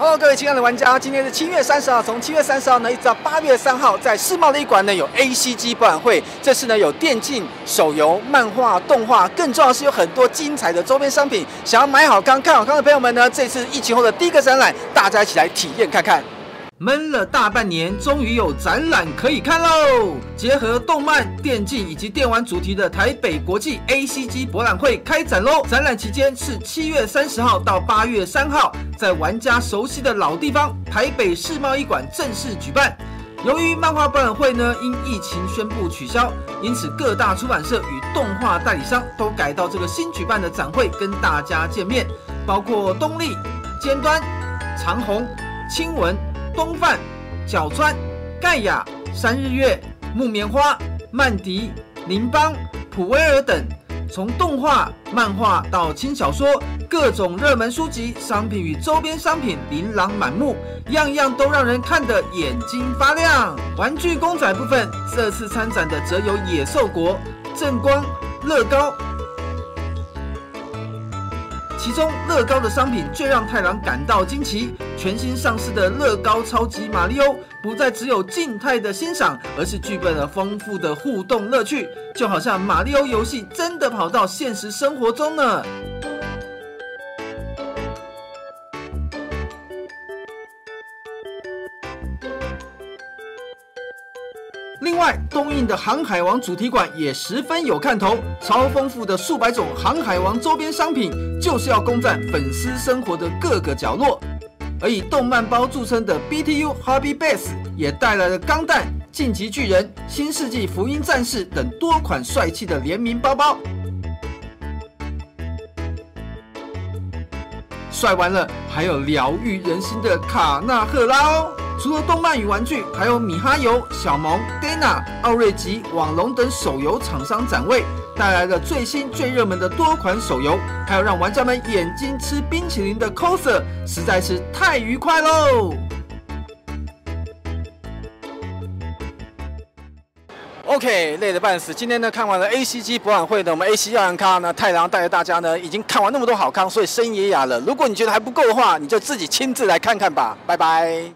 哈嘍，各位親愛的玩家，今天是七月三十號，從七月三十號呢一直到八月三號，在世貿的一館呢有 ACG 博覽會，這次呢有電競、手遊、漫畫、動畫，更重要的是有很多精彩的週邊商品，想要買好康、看好康的朋友們呢，這次疫情後的第一個展覽，大家一起來體驗看看。悶了大半年，終於有展覽可以看嘍！結合動漫、電競以及電玩主題的台北國際 ACG 博覽會開展嘍！展覽期間是七月三十號到八月三號，在玩家熟悉的老地方台北世貿一館正式舉辦。由於漫畫博覽會呢因疫情宣布取消，因此各大出版社與動畫代理商都改到這個新舉辦的展會跟大家見面，包括東立、尖端、長鴻、青文。東販、角川、蓋亞、三日月、木棉花、曼迪、林邦、普威爾等，從動畫、漫畫到輕小說，各種熱門書籍、商品與周邊商品琳琅滿目，樣樣都讓人看得眼睛發亮。玩具公仔部分，這次參展的則有野獸國、正光、樂高。其中，樂高的商品最讓太郎感到驚奇。全新上市的樂高超級瑪利歐，不再只有靜態的欣賞，而是具備了豐富的互動樂趣，就好像瑪利歐遊戲真的跑到現實生活中了。另外，東映的《航海王》主題館也十分有看頭，超豐富的數百種《航海王》周邊商品就是要攻占粉絲生活的各個角落。而以動漫包著稱的 B T U Hobby Base 也帶來了《鋼彈》、《進擊巨人》、《新世紀福音戰士》等多款帥氣的聯名包包。帥完了，還有療癒人心的卡納赫拉。哦。除了動漫與玩具，還有米哈遊、小萌、Dena、奧瑞吉、網龍等手遊廠商展位帶來了最新最熱門的多款手遊，還有讓玩家們眼睛吃冰淇淋的 coser，實在是太愉快嘍！OK，累得半死。今天呢，看完了 ACG 博覽會的我們 AC 要人咖太郎帶着大家呢已經看完那麼多好康，所以聲音也啞了。如果你覺得還不夠的話，你就自己親自來看看吧。拜拜。